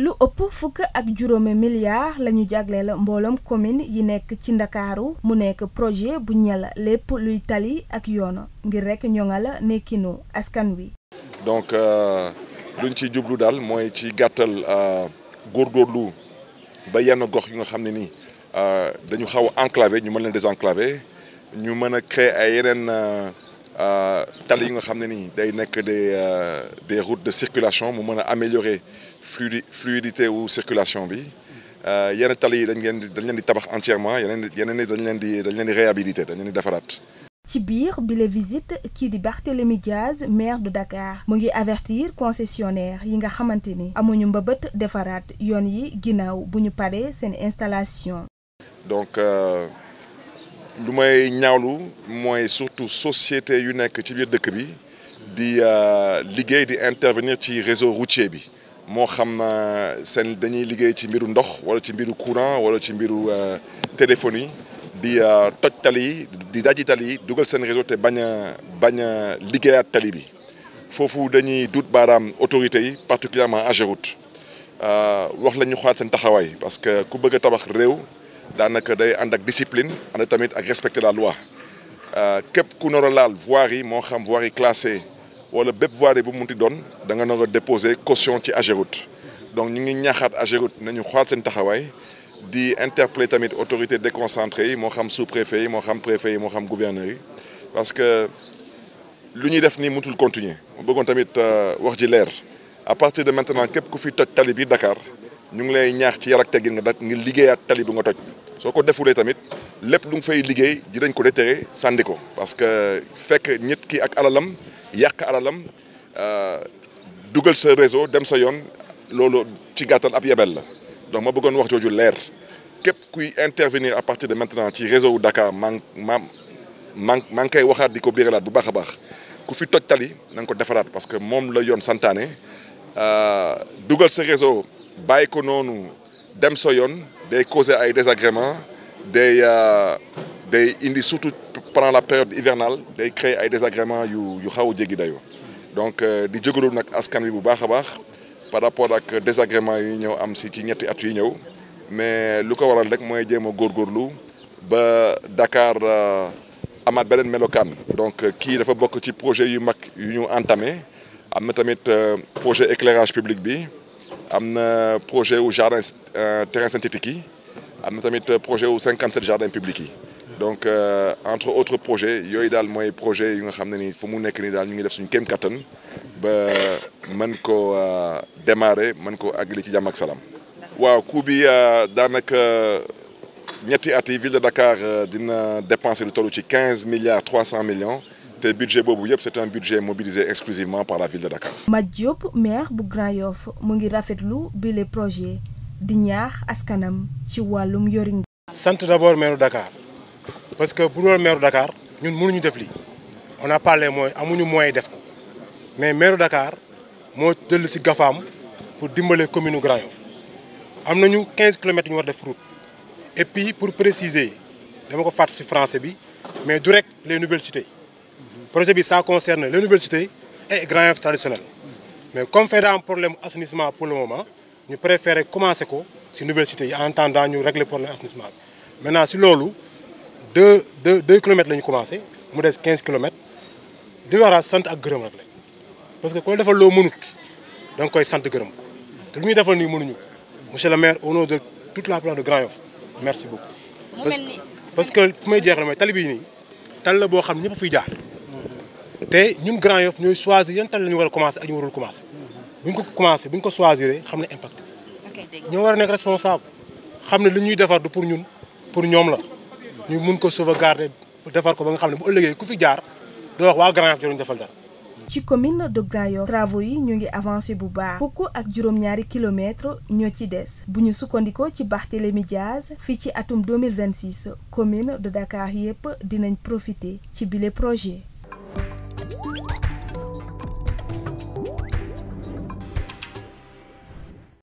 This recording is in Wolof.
lu ëpp fukk ak juróomi milliards la ñu jagleel mbooloom commune yi nekk ci ndakaaru mu nekk projet bu ñel lépp luy tali ak yoon ngir rekk ñoŋal nekkinu askan wi. donc euh, luñ ci jublu daal mooy ci gàttal euh, góorgóorlu ba yenn gox yu nga xam ne nii euh, dañu xaw a enclavé ñu mën leen désenclavé ñu mën a créer ay yeneen. Euh, tali yi nga xam ne nii day nekk des euh, des routes de circulation mu mën a améliorer flui fluidité wu circulation bi euh, yenn tali yi dañ leen di leen di tabax entièrement yeneen yeneen dañ leen di dañ leen di réhabiliter dañ leen di defaraat. ci biir bi la visite kii di Barthélémy Diaz maire de Dakar mu ngi avertir concessionnaire yi nga xamante ni amuñu mbëbët defaraat yoon yi ginnaaw bu ñu paree seen installation. donc. Euh... lu may ñaawlu mooy surtout société yu nekk ci biir dëkk bi di euh, liggéey di intervenir ci réseau routier bi moo xam na euh, seen dañuy liggéey ci mbiru ndox wala ci mbiru courant wala ci mbiru yi euh, di toj tali yi di dajji tali yi dugal seen réseau te bañ bañ liggéeyaat tali bi foofu dañuy dut baaraam autorité yi particulièrement AGEROUTE wax la ñu xaat seen taxawaay parce que ku bëgg tabax réew daanaka day ànd ak discipline ànd tamit ak respecter la loi euh, képp ku nar a laal voirie moo xam voirie classée wala bépp voirie bu mu ti doon da nga nar a déposer caution ci AGEROUTE donc ñu ngi ñaaxaat AGEROUTE nañu xool seen taxawaay di interpeller tamit autorité déconcentrée yi moo xam sous-préfet yi moo xam préfet yi moo xam gouverneur yi parce que lu ñuy def nii mutul continuer mu bëggoon tamit euh, wax ji leer à partir de maintenant képp ku fi toj tali bi Dakar ñu ngi lay ñaax ci yar ak teggin nga dat ngir liggéeyaat tali bu nga toj soo ko defulee tamit lépp lu nga fay liggéey dinañ ko déterré sànni ko parce que fekk nit ki ak alalam yàq alalam euh, dugal sa réseau dem sa yoon loolu ci gàttal ab yebel la donc ma bëggoon wax jooju leer képp kuy intervenir à partir de maintenant ci réseau Dakar maa ma maa maa ngi koy waxaat di ko biiralaat bu baax a baax ku fi toj tali na ko defaraat parce que moom la yoon santaane euh, dugal sa réseau bàyyi ko noonu dem sa yoon day causer ay désagréments day euh, day indi surtout pendant la période hivernale day créer ay désagréments yu yu xaw a jéggi dayoo donc euh, di jógalu nag askan wi bu baax a baax par rapport ak désagréments yi ñëw am si ci ñetti at yu ñëw mais lu ko waral rek mooy jéem a góorgóorlu ba Dakar euh, amaat beneen melokaan donc kii dafa bokk ci projet yu mag yu ñu entamé am na tamit projet éclairage public bi am na projet wu jardin euh, terrain synthétique yi am na tamit projet wu 57 jardins publics yi donc euh, entre autres projet yooyu daal mooy projet yu nga xam ne ni fu mu nekk nii daal ñu ngi def suñu kéem kattan ba man ko euh, démarrer man ko ag li ci jàmm ak salaam. waaw coût bi daanaka ñetti at yi Dakar dina dépenser lu tolu ci 15 milliards 300 millions. te budget boobu yëpp c'est un budget mobilisé exclusivement par la ville de Dakar. Mat Diop maire bu Grand Yoff mu ngi rafetlu bi les projets di ñaax askanam ci wàllum yorin. sant d'abord maire Dakar parce que bu doon maire Dakar ñun mënuñu def lii on n'a pas les moyens amuñu moyens def ko mais maire Dakar moo dellu si gafaam pour dimbale commune Grand Yoff am nañu 15 kilomètres ñu war def route et puis pour préciser dama ko fàtt si français bi mais du rek les nouvelles projet bi ça concerne l'université et Grand Yoff traditionnel mais comme fee daa problème assainissement pour le moment ñu préféré commencer ko ci université yi en attendant ñu régler problème assainissement bi maintenant si loolu deux deux deux kilomètres lañu ñu commencé mu des quinze kilomètres di waraat sant ak gërëm rek la parce que koo defal loo mënut da nga koy sant gërëm ko te lu ñuy defal nii mënuñu monsieur le maire au nom de tout la place de Grand Yoff merci beaucoup parce que fu may jeex la tali bii nii tali boo xam ñëpp fiy jaar te ñun Grand Yoff ñooy choisir yan tali la ñu war a ñu warul commencé mhm. bu ko commencé bu ko choisir xam ne impact bi ñoo war a nekk responsable xam ne li ñuy defar du pour ñun pour ñoom la ñu mun ko sauvegarder defar ko ba nga xam ne bu ëllëgee ku fi jaar doo wax waa Grand Yoff jëruñ defal dara ci commune de Grand Yoff travaux yi ñu ngi avancé bu baax fukk ak juróom-ñaari kilomètres ñoo ci des bu ñu sukkandikoo ci Barthélémy Diaz fii ci atum 2026 commune de Dakar yépp dinañ profiter ci bile projet